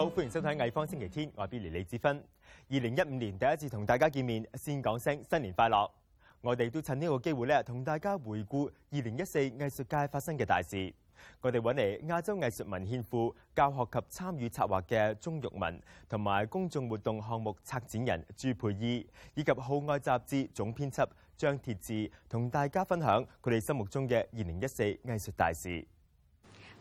好，歡迎收睇藝方星期天，我係 Billy 李子芬。二零一五年第一次同大家見面，先講聲新年快樂。我哋都趁呢個機會呢，同大家回顧二零一四藝術界發生嘅大事。我哋揾嚟亞洲藝術文獻庫教學及參與策劃嘅鍾玉文，同埋公眾活動項目策展人朱培怡，以及號外雜誌總編輯張鐵志，同大家分享佢哋心目中嘅二零一四藝術大事。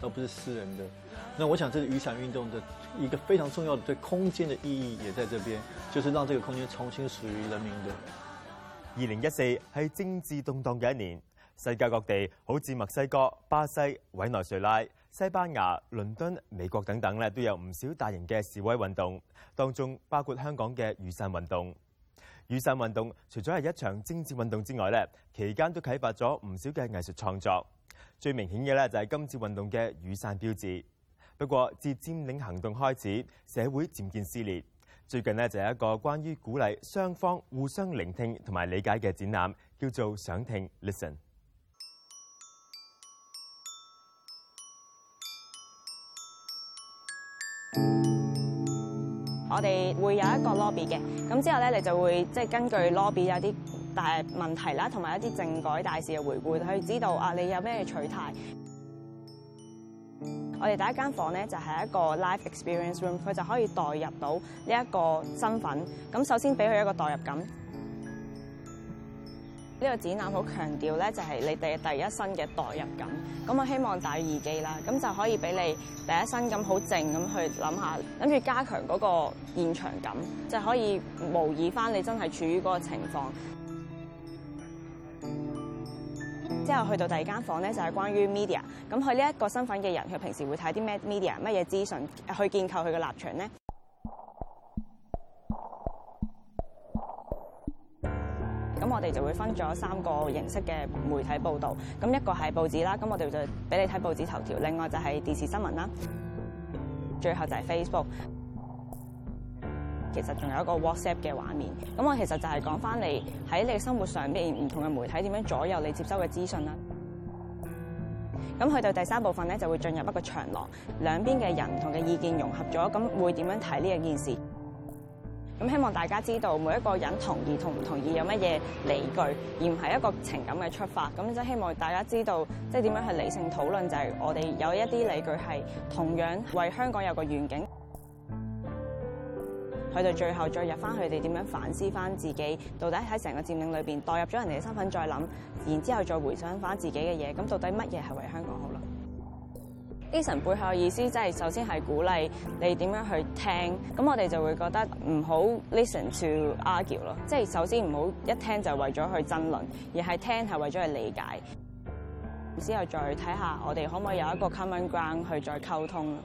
都不是私人的，那我想，這個雨傘運動的一個非常重要的對空間的意義也在這邊，就是讓這個空間重新屬於人民的。二零一四係政治動盪嘅一年，世界各地好似墨西哥、巴西、委內瑞拉、西班牙、倫敦、美國等等咧，都有唔少大型嘅示威運動，當中包括香港嘅雨傘運動。雨傘運動除咗係一場政治運動之外咧，期間都啟發咗唔少嘅藝術創作。最明顯嘅咧就係今次運動嘅雨傘標誌。不過自佔領行動開始，社會漸見撕裂。最近呢，就有一個關於鼓勵雙方互相聆聽同埋理解嘅展覽，叫做想聽 Listen。我哋會有一個 lobby 嘅，咁之後咧你就會即係、就係、根據 lobby 有啲。但係問題啦，同埋一啲政改大事嘅回顧，佢知道啊，你有咩取態。 我哋第一間房咧就係一個 Life Experience Room，佢就可以代入到呢一個身份。咁首先俾佢一個代入感。呢 個展覽好強調咧，就係你哋第一身嘅代入感。咁我希望戴耳機啦，咁就可以俾你第一身咁好靜咁去諗下，諗住加強嗰個現場感，就可以模擬翻你真係處於嗰個情況。之後去到第二間房咧，就係關於 media。咁佢呢一個身份嘅人，佢平時會睇啲咩 media，乜嘢資訊去建構佢嘅立場咧？咁 我哋就會分咗三個形式嘅媒體報導。咁一個係報紙啦，咁我哋就俾你睇報紙頭條。另外就係電視新聞啦，最後就係 Facebook。其實仲有一個 WhatsApp 嘅畫面，咁我其實就係講翻你喺你生活上邊唔同嘅媒體點樣左右你接收嘅資訊啦。咁去到第三部分咧，就會進入一個長廊，兩邊嘅人唔同嘅意見融合咗，咁會點樣睇呢一件事？咁希望大家知道每一個人同意同唔同意有乜嘢理據，而唔係一個情感嘅出發。咁就希望大家知道，即係點樣去理性討論，就係、是、我哋有一啲理據係同樣為香港有個願景。佢哋最後再入翻佢哋點樣反思翻自己，到底喺成個佔領裏邊代入咗人哋嘅身份再諗，然之後再回想翻自己嘅嘢，咁到底乜嘢係為香港好啦？Listen 背後嘅意思即係首先係鼓勵你點樣去聽，咁我哋就會覺得唔好 listen to argue 咯，即係首先唔好一聽就係為咗去爭論，而係聽係為咗去理解，之後再睇下我哋可唔可以有一個 common ground 去再溝通。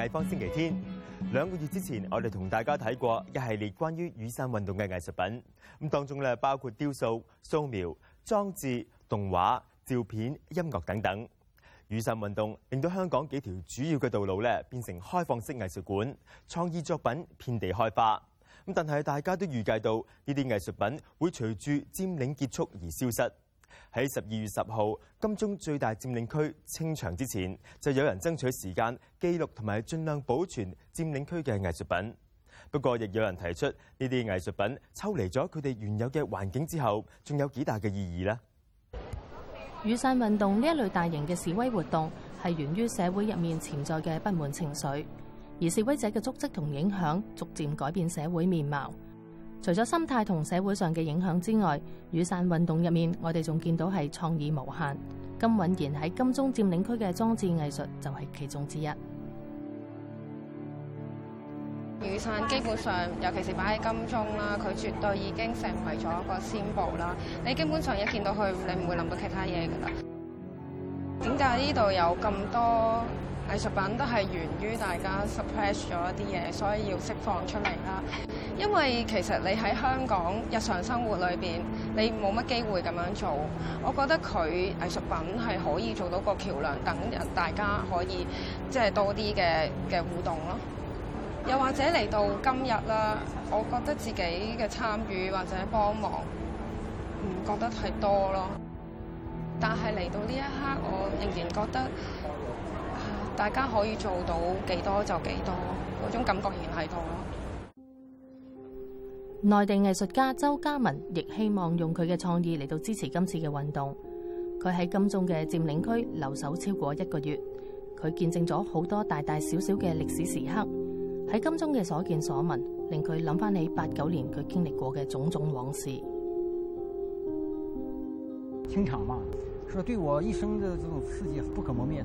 藝坊星期天兩個月之前，我哋同大家睇過一系列關於雨傘運動嘅藝術品。咁當中咧包括雕塑、素描、裝置、動畫、照片、音樂等等。雨傘運動令到香港幾條主要嘅道路咧變成開放式藝術館，創意作品遍地開花。咁但係大家都預計到呢啲藝術品會隨住佔領結束而消失。喺十二月十號，金鐘最大佔領區清場之前，就有人爭取時間記錄同埋盡量保存佔領區嘅藝術品。不過，亦有人提出呢啲藝術品抽離咗佢哋原有嘅環境之後，仲有幾大嘅意義呢？雨傘運動呢一類大型嘅示威活動，係源於社會入面潛在嘅不滿情緒，而示威者嘅足跡同影響，逐漸改變社會面貌。除咗心態同社會上嘅影響之外，雨傘運動入面，我哋仲見到係創意無限。金韻賢喺金鐘佔領區嘅裝置藝術就係其中之一。雨傘基本上，尤其是擺喺金鐘啦，佢絕對已經成為咗一個 symbol 啦。你基本上一見到佢，你唔會諗到其他嘢㗎啦。點解呢度有咁多？藝術品都係源於大家 suppress 咗一啲嘢，所以要釋放出嚟啦。因為其實你喺香港日常生活裏面，你冇乜機會咁樣做。我覺得佢藝術品係可以做到一個橋梁，等人大家可以即係、就是、多啲嘅嘅互動咯。又或者嚟到今日啦，我覺得自己嘅參與或者幫忙唔覺得太多咯。但係嚟到呢一刻，我仍然覺得，大家可以做到幾多就幾多，嗰種感覺仍然喺度咯。內地藝術家周嘉文亦希望用佢嘅創意嚟到支持今次嘅運動。佢喺金鐘嘅佔領區留守超過一個月，佢見證咗好多大大小小嘅歷史時刻。喺金鐘嘅所見所聞，令佢諗翻起八九年佢經歷過嘅種種往事。清場嘛，說對我一生的這種刺激不可磨滅的。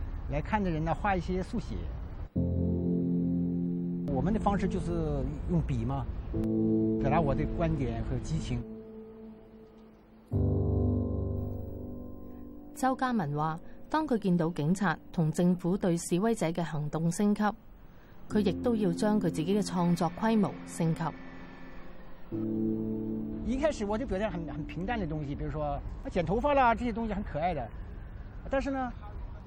來看的人呢，畫一些速寫。我們的方式就是用筆嘛，表達我的觀點和激情。周嘉文話，當佢見到警察同政府對示威者嘅行動升級，佢亦都要將佢自己嘅創作規模升級。一開始我就表現很很平淡的東西，比如說剪頭髮啦，這些東西很可愛的，但是呢。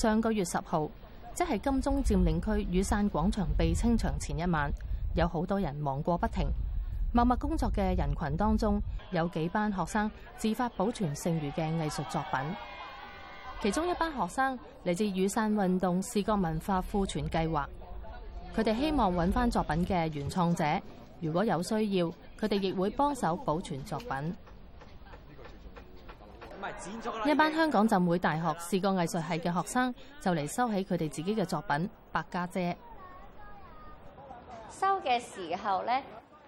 上個月十號，即係金鐘佔領區雨傘廣場被清場前一晚，有好多人忙過不停。默默工作嘅人群當中，有幾班學生自發保存剩餘嘅藝術作品。其中一班學生嚟自雨傘運動視覺文化庫存計劃，佢哋希望揾翻作品嘅原創者。如果有需要，佢哋亦會幫手保存作品。一班香港浸會大學視覺藝術系嘅學生就嚟收起佢哋自己嘅作品《白家姐》。收嘅時候呢，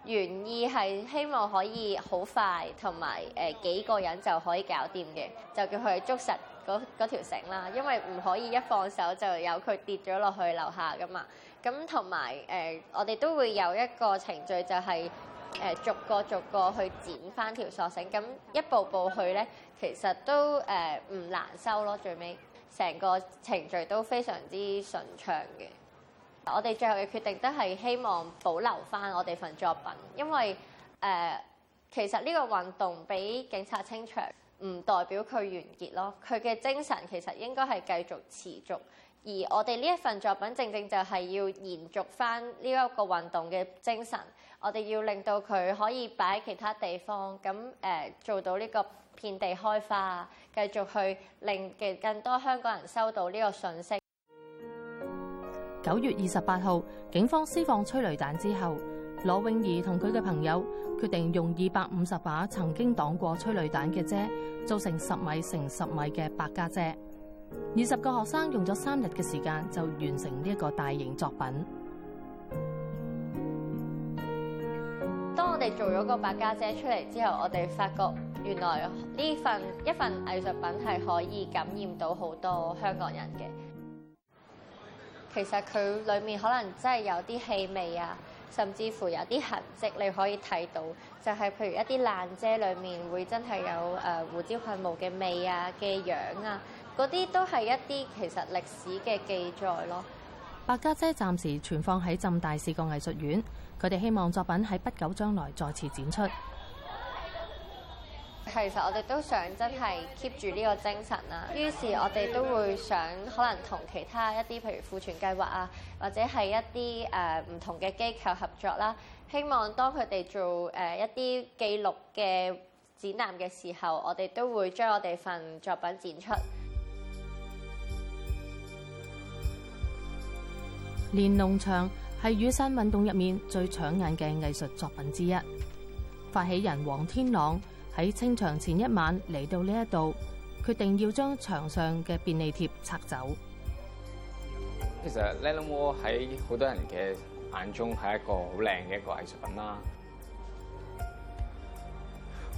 原意係希望可以好快同埋誒幾個人就可以搞掂嘅，就叫佢捉實嗰條繩啦，因為唔可以一放手就由佢跌咗落去樓下噶嘛。咁同埋誒，我哋都會有一個程序就係、是。誒，逐個逐個去剪翻條索繩，咁一步步去咧，其實都誒唔難收咯。最尾成個程序都非常之順暢嘅。我哋最後嘅決定都係希望保留翻我哋份作品，因為誒，其實呢個運動俾警察清場，唔代表佢完結咯。佢嘅精神其實應該係繼續持續，而我哋呢一份作品正正就係要延續翻呢一個運動嘅精神。我哋要令到佢可以擺其他地方，咁誒、呃、做到呢個遍地開花，繼續去令更多香港人收到呢個信息。九月二十八號，警方施放催淚彈之後，羅永儀同佢嘅朋友決定用二百五十把曾經擋過催淚彈嘅遮，做成十米乘十米嘅百家遮。二十個學生用咗三日嘅時間就完成呢一個大型作品。做咗個百家遮出嚟之後，我哋發覺原來呢份一份藝術品係可以感染到好多香港人嘅。其實佢裡面可能真係有啲氣味啊，甚至乎有啲痕跡你可以睇到，就係、是、譬如一啲爛遮裡面會真係有誒胡椒噴霧嘅味啊、嘅樣啊，嗰啲都係一啲其實歷史嘅記載咯。白家姐暫時存放喺浸大視覺藝術院，佢哋希望作品喺不久將來再次展出。其實我哋都想真係 keep 住呢個精神啊，於是我哋都會想可能同其他一啲譬如庫存計劃啊，或者係一啲誒唔同嘅機構合作啦。希望當佢哋做誒一啲記錄嘅展覽嘅時候，我哋都會將我哋份作品展出。連儂牆係雨傘運動入面最搶眼嘅藝術作品之一。發起人黃天朗喺清場前一晚嚟到呢一度，決定要將牆上嘅便利貼拆走。其實 Lennon Wall 喺好多人嘅眼中係一個好靚嘅一個藝術品啦。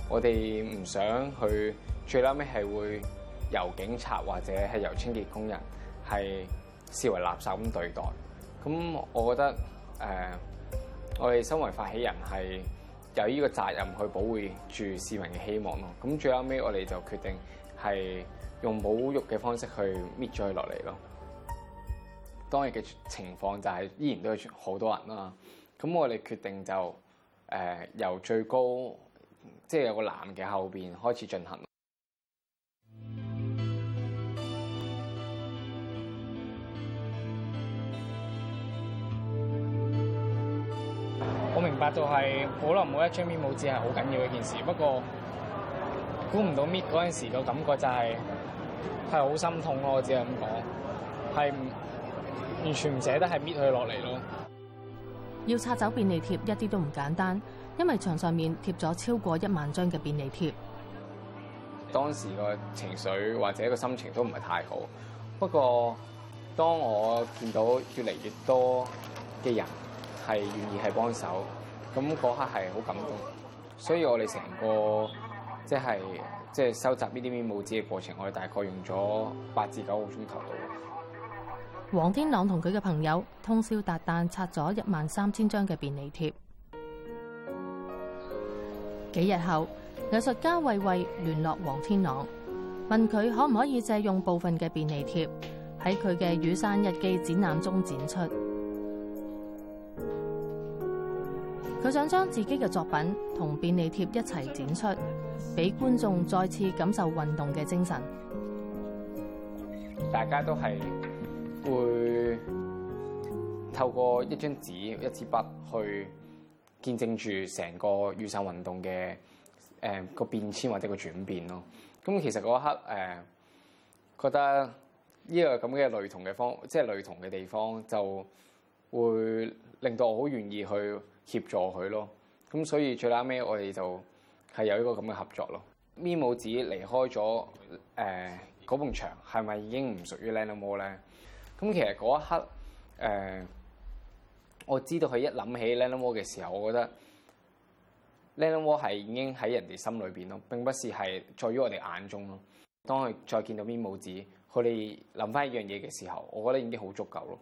我哋唔想去最拉尾係會由警察或者係由清潔工人係視為垃圾咁對待。咁我覺得誒、呃、我哋身為發起人係有呢個責任去保護住市民嘅希望咯。咁最後尾我哋就決定係用保育嘅方式去搣咗佢落嚟咯。當日嘅情況就係依然都係好多人啊，咁我哋決定就誒、呃、由最高即係，就是，有個男嘅後邊開始進行。就係可能每一張面冇字係好緊要嘅一件事，不過估唔到搣嗰陣時個感覺就係係好心痛咯。我只係咁講，係完全唔捨得下來，係搣佢落嚟咯。要拆走便利貼一啲都唔簡單，因為牆上面貼咗超過一萬張嘅便利貼。當時個情緒或者個心情都唔係太好，不過當我見到越嚟越多嘅人係願意係幫手，咁嗰刻係好感動，所以我哋成個即係即係收集呢啲 memo 紙嘅過程，我哋大概用咗八至九個鐘頭到。黃天朗同佢嘅朋友通宵達旦拆咗一萬三千張嘅便利貼。幾日後，藝術家慧慧聯絡黃天朗，問佢可唔可以借用部分嘅便利貼喺佢嘅《雨傘日記》展覽中展出。佢想將自己嘅作品同便利貼一齊展出，俾觀眾再次感受運動嘅精神。大家都係會透過一張紙、一支筆去見證住成個雨傘運動嘅誒個變遷或者個轉變咯。咁其實嗰刻誒覺得呢個咁嘅類同嘅方，即係類同嘅地方，就會令到我好願意去。協助佢咯，咁所以最 last 尾我哋就係有一個咁嘅合作咯。memo 紙離開咗誒嗰埲牆，係、呃、咪已經唔屬於 Lennon Wall 咧？咁其實嗰一刻、呃、我知道佢一諗起 Lennon Wall 嘅時候，我覺得 Lennon Wall 係已經喺人哋心裏面咯，並不是係在於我哋眼中咯。當佢再見到 memo 紙，佢哋諗翻一樣嘢嘅時候，我覺得已經好足夠咯。